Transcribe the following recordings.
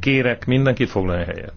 Kérek mindenki foglalni helyet.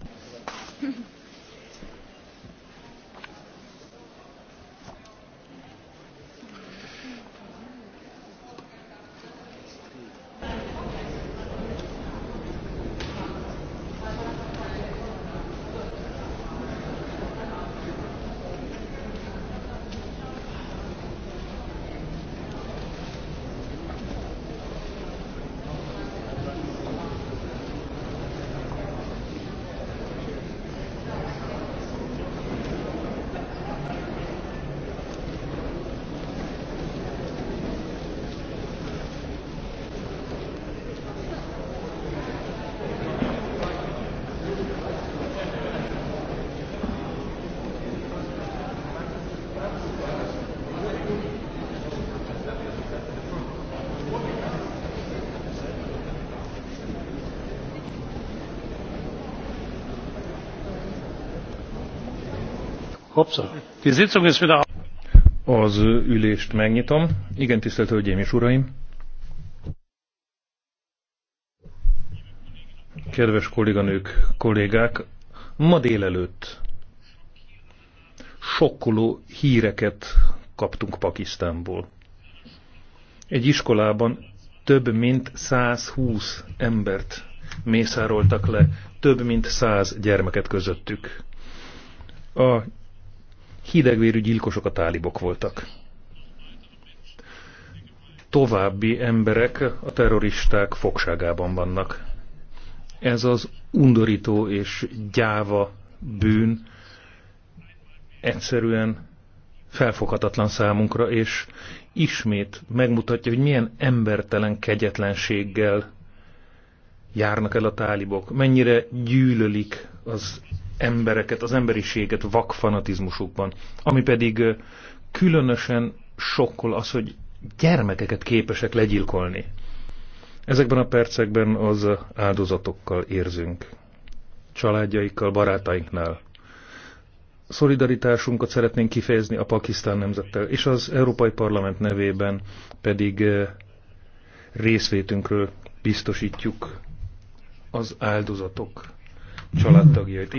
Az ülést megnyitom. Igen, tisztelt Hölgyeim és Uraim! Kedves kolléganők, kollégák! Ma délelőtt sokkoló híreket kaptunk Pakisztánból. Egy iskolában több mint 120 embert mészároltak le, több mint 100 gyermeket közöttük. A hidegvérű gyilkosok a tálibok voltak. További emberek a terroristák fogságában vannak. Ez az undorító és gyáva bűn egyszerűen felfoghatatlan számunkra, és ismét megmutatja, hogy milyen embertelen kegyetlenséggel járnak el a tálibok, mennyire gyűlölik az embereket, az emberiséget vakfanatizmusukban. Ami pedig különösen sokkol az, hogy gyermekeket képesek legyilkolni. Ezekben a percekben az áldozatokkal érzünk. Családjaikkal, barátainknál. Szolidaritásunkat szeretnénk kifejezni a Pakisztán nemzettel, és az Európai Parlament nevében pedig részvétünkről biztosítjuk az áldozatok családtagjait.